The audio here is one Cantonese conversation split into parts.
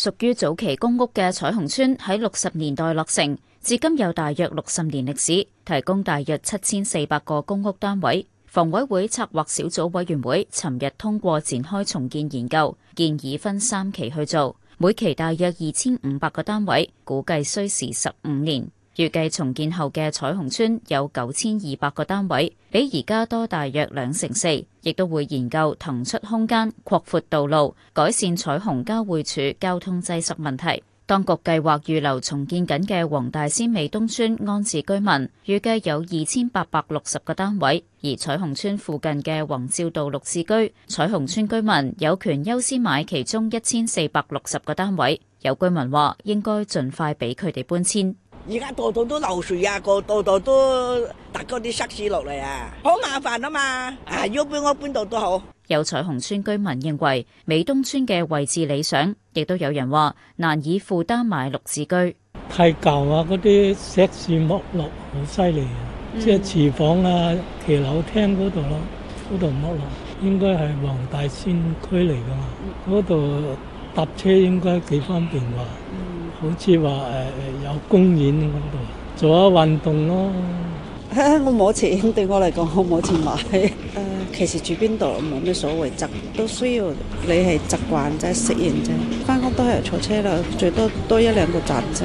屬於早期公屋嘅彩虹邨喺六十年代落成，至今有大約六十年歷史，提供大約七千四百個公屋單位。房委會策劃小組委員會尋日通過展開重建研究，建議分三期去做，每期大約二千五百個單位，估計需時十五年。預計重建後嘅彩虹邨有九千二百個單位，比而家多大約兩成四，亦都會研究騰出空間，擴闊道路，改善彩虹交匯處交通擠塞問題。當局計劃預留重建緊嘅黃大仙美東邨安置居民，預計有二千八百六十個單位，而彩虹邨附近嘅宏照道綠置居，彩虹邨居民有權優先買其中一千四百六十個單位。有居民話，應該盡快俾佢哋搬遷。而家度度都漏水啊，個度度都搭嗰啲石屎落嚟啊，好麻煩啊嘛！啊，要俾我邊度都好。有彩虹邨居民認為美東邨嘅位置理想，亦都有人話難以負擔買綠置居。太舊啊，嗰啲石屎剝落好犀利啊，嗯、即係廚房啊、騎樓廳嗰度咯，嗰度剝落，應該係黃大仙區嚟噶嘛，嗰度搭車應該幾方便啩。好似話誒有公園嗰度做下運動咯。我冇錢，對我嚟講我冇錢買。誒，其實住邊度冇咩所謂，執都需要你係習慣啫、適應啫。返屋都係坐車啦，最多多一兩個站啫。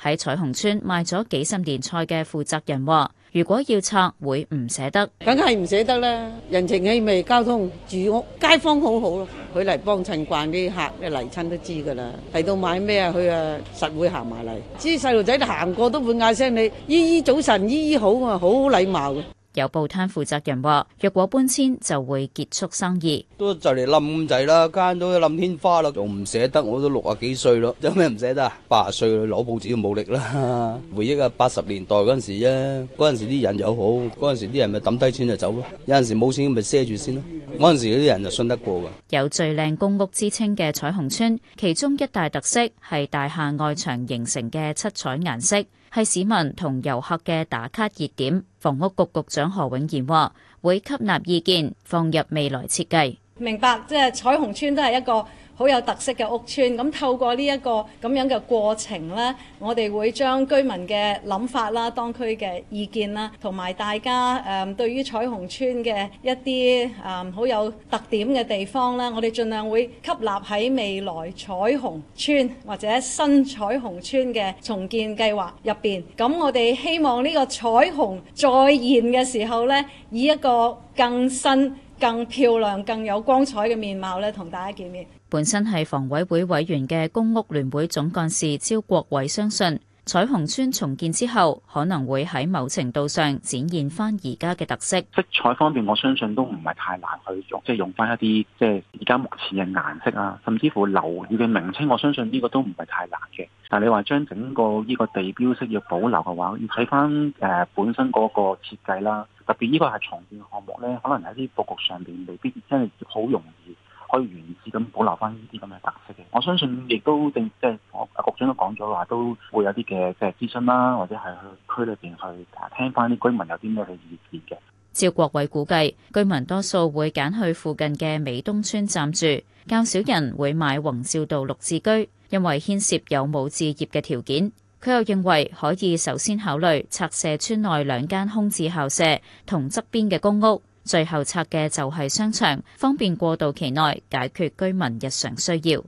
喺彩虹邨賣咗幾十年菜嘅負責人話。如果要拆會唔捨得，梗係唔捨得啦。人情氣味、交通、住屋、街坊好好咯，佢嚟幫襯慣啲客嘅，嚟親都知噶啦。提到買咩啊，佢啊實會行埋嚟。知細路仔行過都會嗌聲，你姨姨早晨，姨姨好啊，好禮貌嘅。有報攤負責人話，啊，若果搬遷就會結束生意，都就嚟冧咁滯啦，間都冧天花咯，仲唔捨得？我都六啊幾歲咯，有咩唔捨得啊？八十歲攞報紙都冇力啦，回憶啊八十年代嗰陣時啫，嗰陣時啲人又好，嗰陣時啲人咪抌低錢就走咯，有陣時冇錢咪賒住先咯。嗰陣時嗰啲人就信得過㗎。有最靚公屋之稱嘅彩虹邨，其中一大特色係大廈外牆形成嘅七彩顏色，係市民同遊客嘅打卡熱點。房屋局局長何永賢話：會吸納意見，放入未來設計。明白，即係彩虹邨都係一個。好有特色嘅屋邨，咁，透過呢一個咁樣嘅過程，呢我哋會將居民嘅諗法啦、當區嘅意見啦，同埋大家誒、嗯、對於彩虹邨嘅一啲誒好有特點嘅地方咧，我哋盡量會吸納喺未來彩虹邨或者新彩虹邨嘅重建計劃入邊。咁我哋希望呢個彩虹再現嘅時候，呢以一個更新、更漂亮、更有光彩嘅面貌，呢同大家見面。本身係房委會委員嘅公屋聯會總幹事招國偉，相信彩虹邨重建之後，可能會喺某程度上展現翻而家嘅特色。色彩方面，我相信都唔係太難去用，即係用翻一啲即係而家目前嘅顏色啊，甚至乎樓宇嘅名稱，我相信呢個都唔係太難嘅。但係你話將整個呢個地標式要保留嘅話，要睇翻誒本身嗰個設計啦，特別呢個係重建項目咧，可能喺啲佈局上邊未必真係好容易。可以原址咁保留翻呢啲咁嘅特色嘅，我相信亦都定即係，阿局長都講咗話都會有啲嘅即係諮詢啦，或者係去區裏邊去聽翻啲居民有啲咩嘅意見嘅。趙國偉估計居民多數會揀去附近嘅美東村暫住，較少人會買宏照道綠置居，因為牽涉有冇置業嘅條件。佢又認為可以首先考慮拆卸村內兩間空置校舍同側邊嘅公屋。最後拆嘅就係商場，方便過渡期內解決居民日常需要。